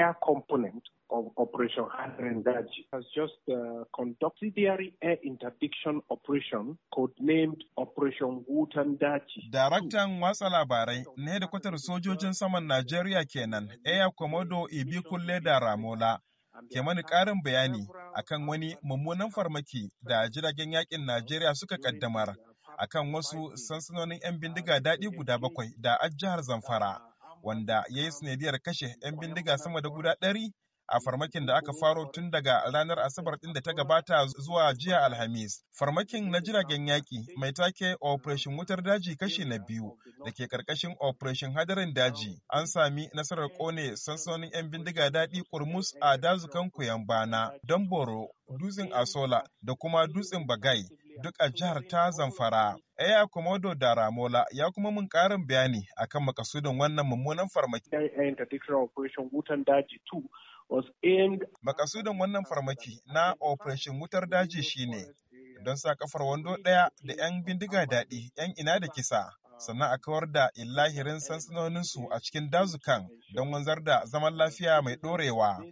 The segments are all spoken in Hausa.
air component of Operation Harendaji has just uh, conducted the air interdiction operation codenamed Operation Wutan Daji. Daraktan watsa labarai na hedikwatar sojojin saman Najeriya kenan Air Komodo Ibikulle da Ramola. Ke mani ƙarin bayani akan wani mummunan farmaki da jiragen yakin Najeriya suka kaddamar uh, akan wasu sansanonin 'yan uh, bindiga daɗi guda bakwai da ajihar Zamfara. wanda ya yi sanadiyar kashe 'yan bindiga sama da guda ɗari a farmakin da aka faro tun daga ranar Asabar ɗin da ta gabata zuwa jiya Alhamis. Farmakin na jiragen yaƙi mai take Operation Wutar Daji kashe na biyu da ke ƙarƙashin Operation Hadarin Daji. An sami nasarar ƙone sansanin 'yan bindiga daɗi kurmus a dazukan Kuyambana, boro, Dutsen Asola da kuma Dutsen Bagai. duk a jihar ta Zamfara. Eya eh, Komodo da Ramola ya kuma mun karin bayani akan makasudin wannan mummunan farmaki. Makasudin wannan farmaki na Operation Wutar Daji shine don sa kafar wando ɗaya da 'yan bindiga daɗi 'yan ina da kisa sannan a kawar da illahirin sansanoninsu a cikin dazukan don wanzar da zaman lafiya mai ɗorewa.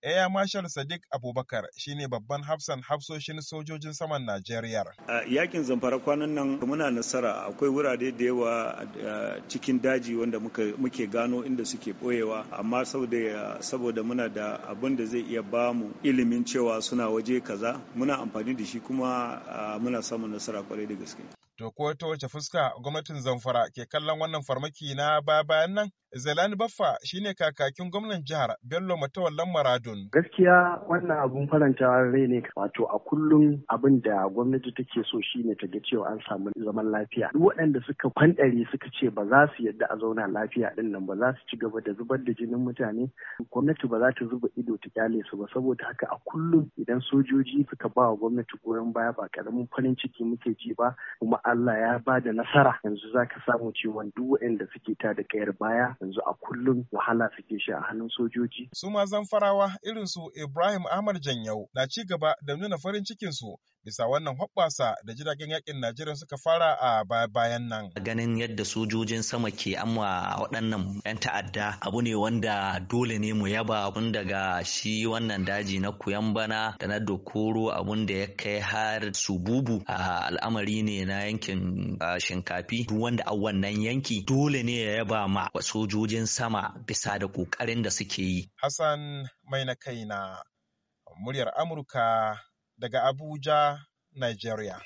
Air Marshal Sadiq Abubakar shine babban hafsan hafsoshin sojojin saman Najeriya. A yakin zamfara kwanan nan muna nasara akwai wurare da yawa cikin daji wanda muke gano inda suke boyewa amma saboda muna da abin da zai iya ba mu ilimin cewa suna waje kaza muna amfani da shi kuma muna samun nasara kwarai da gaske. To ko ta wace fuska gwamnatin zamfara ke kallon wannan farmaki na baya bayan nan? Zelani Baffa shine kakakin gwamnan jihar Bello Matawallan Maradun. Gaskiya wannan abun faranta rai ne wato a kullum abin da gwamnati take so shine ta ga cewa an samu zaman lafiya. Duk waɗanda suka kwandare suka ce ba za su yadda a zauna lafiya din nan ba za su ci gaba da zubar da jinin mutane. Gwamnati ba za ta zuba ido ta kyale su ba saboda haka a kullum idan sojoji suka ba wa gwamnati goyon baya ba karamin farin ciki muke ji ba kuma Allah ya ba da nasara yanzu za ka samu cewa duk waɗanda suke ta da kayar baya yanzu a kullum wahala suke shi a hannun sojoji. Su ma zamfarawa irin su Ibrahim Ahmad Janyau na ci gaba da nuna farin cikin su bisa wannan hoɓɓasa da jiragen yakin Najeriya suka fara a bayan nan. Ganin yadda sojojin sama ke amma waɗannan 'yan ta'adda abu ne wanda dole ne mu yaba abun daga shi wannan daji na bana da na Dokoro abun da ya kai har Sububu a al'amari ne na yankin shinkafi duk wanda a wannan yanki dole ne ya yaba ma wasu sojojin sama bisa da ƙoƙarin da suke yi. Hassan mai na kai na muryar Amurka daga Abuja, Nigeria.